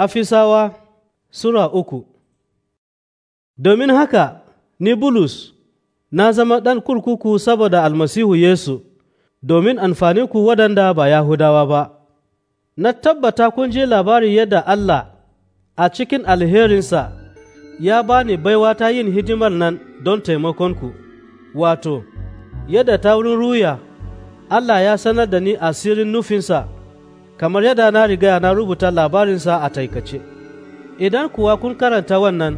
Afisawa Sura uku Domin haka, ni Bulus, na zama ɗan kurkuku saboda almasihu Yesu, domin ku waɗanda ba Yahudawa ba, na tabbata kun je labari yadda Allah a cikin alherinsa ya ba ni baiwa ta yin hidimar nan don taimakonku, wato, yadda ta wurin ruya, Allah ya sanar da ni asirin nufinsa. kamar yadda na riga na rubuta labarinsa a taikace. Idan kuwa kun karanta wannan,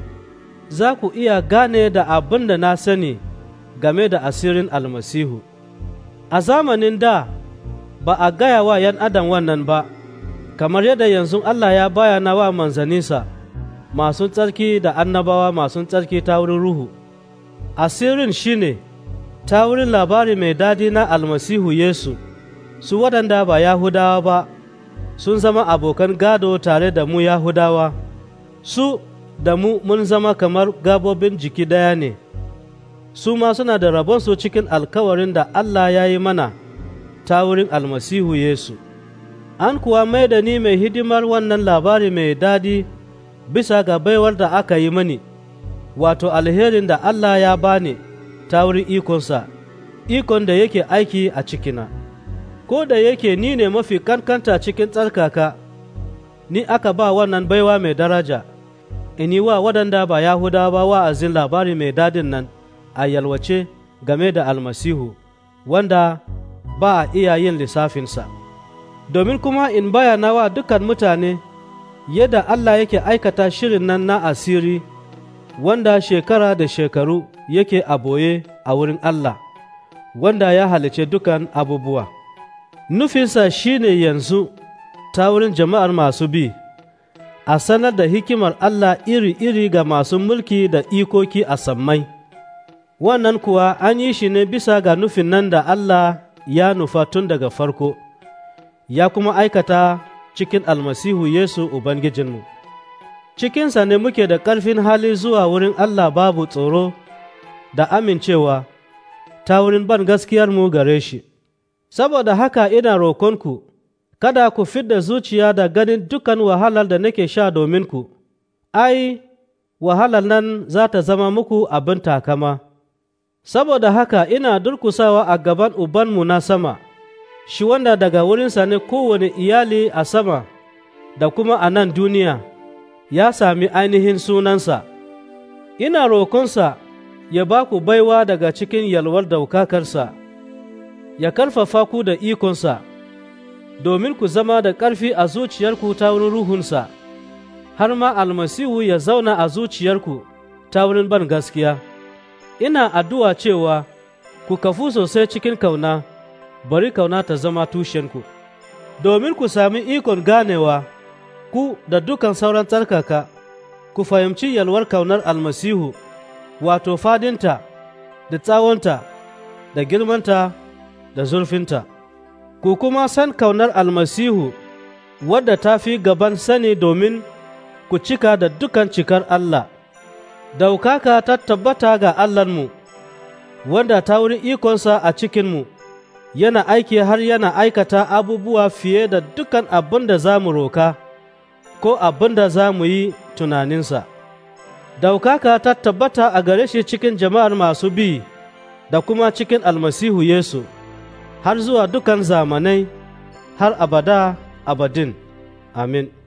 za ku iya gane da abin da na sani game da asirin almasihu. A zamanin da ba a gaya wa ‘yan adam wannan ba, kamar yadda yanzu Allah ya na wa manzaninsa masu tsarki da annabawa masu tsarki ta wurin ruhu. Asirin shine ta wurin labari mai dadi na almasihu Yesu, su waɗanda ba Yahudawa ba. sun zama abokan gado tare da mu Yahudawa, su da mu mun zama kamar gabobin jiki ɗaya ne, su ma suna da rabonsu cikin alkawarin da Allah ya yi mana ta wurin almasihu Yesu. An kuwa mai da ni mai hidimar wannan labari mai daɗi bisa ga baiwar da aka yi mani, wato alherin da Allah ya bani ta wurin ikonsa, ikon da yake aiki a cikina. ko da yake ni ne mafi kankanta cikin tsarkaka, ni aka ba wannan baiwa mai daraja, ini wa waɗanda ba Yahudawa wa'azin labari mai dadin nan a yalwace game da almasihu, wanda ba a iya yin lissafinsa. Domin kuma in bayana wa dukan mutane yadda Allah yake aikata shirin nan na asiri, wanda shekara da shekaru yake a boye a wurin Allah, wanda ya halice dukan abubuwa. nufinsa shi ne yanzu ta wurin jama'ar masu bi, a sanar da hikimar Allah iri-iri ga masu mulki da ikoki a sammai, wannan kuwa an yi shi ne bisa ga nufin nan da Allah ya nufa tun daga farko, ya kuma aikata cikin almasihu Yesu Ubangijinmu. Cikinsa ne muke da ƙarfin hali zuwa wurin Allah babu tsoro da amincewa ta wurin ban gaskiyarmu gare shi. saboda haka ina rokonku, kada ku fi da zuciya da ganin dukan wahalar da nake sha domin ku, ai, wahalar nan za ta zama muku abin takama. Saboda haka ina durkusawa a gaban Ubanmu na sama, shi wanda daga wurinsa ne kowane iyali a sama da kuma a nan duniya ya sami ainihin sunansa. Ina rokonsa ya ba ku baiwa daga cikin yalwar daukakarsa. ya ƙarfafa ku da ikonsa, domin ku zama da ƙarfi a zuciyarku ta wurin ruhunsa, har ma almasihu ya zauna a zuciyarku ta wurin ban gaskiya. Ina addu'a cewa ku kafu sosai cikin kauna, bari kauna ta zama tushenku, domin ku sami ikon ganewa ku da dukan sauran tsarkaka, ku fahimci yalwar kaunar almasihu, wato fadinta, da tsawonta, da girmanta. da zurfinta, ku kuma san kaunar almasihu wadda ta fi gaban sani domin ku cika da dukan cikar Allah, daukaka ta tabbata ga Allahnmu, wanda ta wuri ikonsa a cikinmu, yana aiki har yana aikata abubuwa fiye da dukan abin da za mu roka, ko abin da za mu yi tunaninsa. Daukaka ta tabbata a gare shi cikin jama'ar masu bi da kuma cikin almasihu Yesu. har zuwa dukan zamanai har abada abadin amin